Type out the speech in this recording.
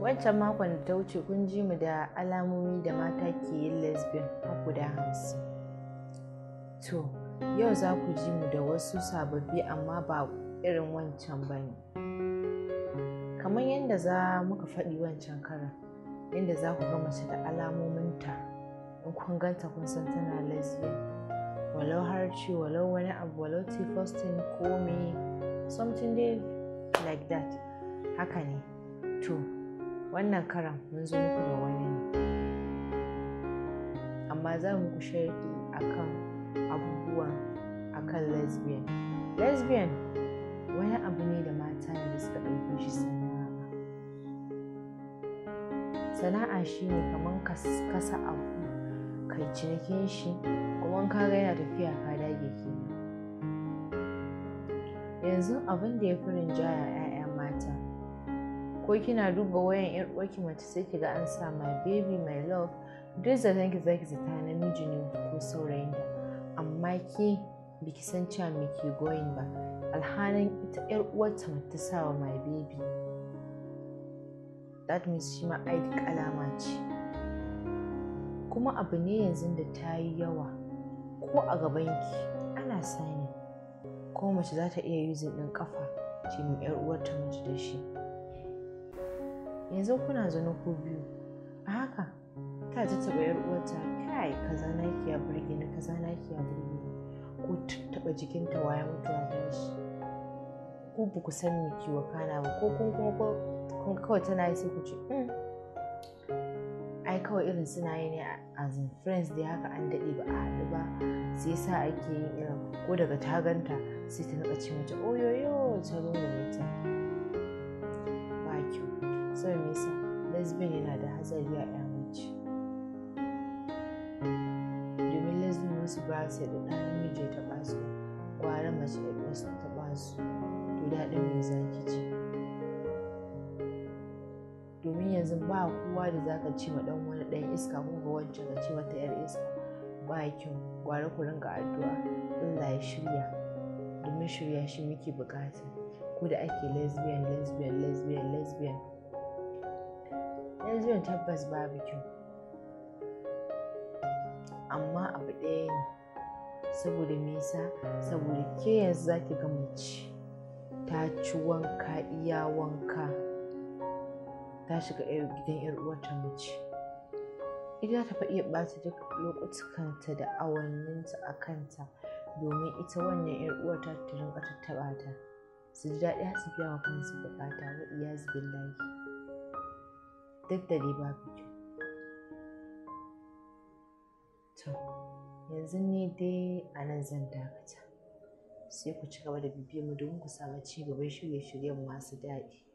wancan makon da ta wuce kun ji mu da alamomi da mata ke yin lesbian guda hamsin to yau za ku ji mu da wasu sababbi amma ba irin wancan ba ne kamar yadda za muka faɗi wancan karan yadda za ku ga mace da alamominta in kun ganta kun san tana lesbian walau harci walau wani abu walau tifostin ko me something dai like that haka ne to wannan karan mun zo muku da wani ne amma za mu ku kan akan a akan lesbian lesbian wani abu ne da mata ne suka ɗauke shi sana'a sana'a shi ne kamar kasa abu kai cinikin shi kuma ka yana tafiya ka dage ke yanzu abin da ya fi rinjaya ko kina duba wayan yar uwarki mace sai kiga an sa my baby my love duk zaton ki zaki zata namiji ne ko saurayin da amma ke biki san cewa me ke goyin ba alhanin ita yar uwarta ta sa wa my baby that means shi ma aidi kalama ce kuma abu ne yanzu da ta yi yawa ko a gabanki ana sani ko mace za ta iya yuzin ɗin kafa ce mai yar uwarta mace da shi yanzu kuna zaune ku biyu a haka ta ji taɓa yar uwarta kai zana ki ya burge ni zana ki ya burge ni ko taɓa jikinta waya mutu a shi ko ba ku san me kiwo kana ba ko kun kuma kun kawai tana yi sai ku ce hmm. ai kawai irin suna yi ne a friends dai haka an daɗe ba a haɗu ba sai sa ake yin irin ko daga tagant ta sai ta naɓa ce mata oyoyo ta rungume ta sai me yasa lesbian yana da hatsari a ya domin lesbian wasu ba su da ɗan namiji ta taɓa su gwara mace ya wasu ta su to daɗin mai zaki ce domin yanzu ba kowa da za ka ce ma ɗan wani ɗan iska ko ga wancan ka ce mata yar iska ba kyau gwara ku rinka addu'a Allah ya shirya domin shirya shi muke bukata ko da ake lesbian lesbian lesbian lesbian yanzu tabbas babu kyau amma abu ɗaya ne saboda nisa, saboda ke yanzu za ki ga mace ta ci wanka iya wanka ta shiga gidan yar uwarta mace ita ta fa iya ɓata duk lokutukanta da awanninta a kanta domin ita wannan yar uwarta ta rinka tattaɓa ta su ji daɗi har su biya wa kansu buƙata wa iyazu billahi daddare babu kyau to yanzu ni dai a nan zan dakata sai ku ci gaba da bibiyar mu domin ku samu ci gaban shirye-shiryen masu daɗi